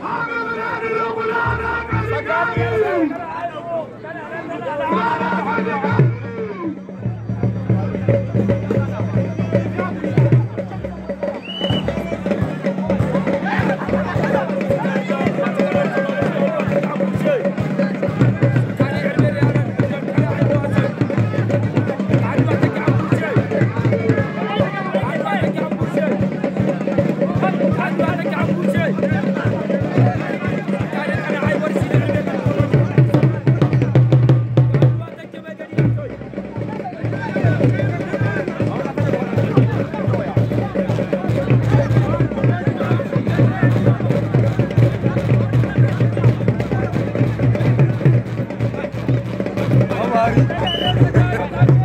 Thank you. やったー